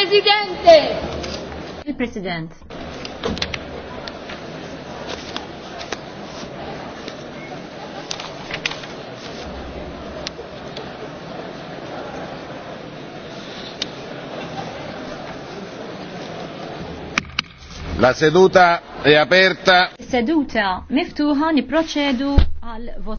Presidente! Il-President. La seduta è aperta. Seduta miftuħa niprocedu għal votazzjoni.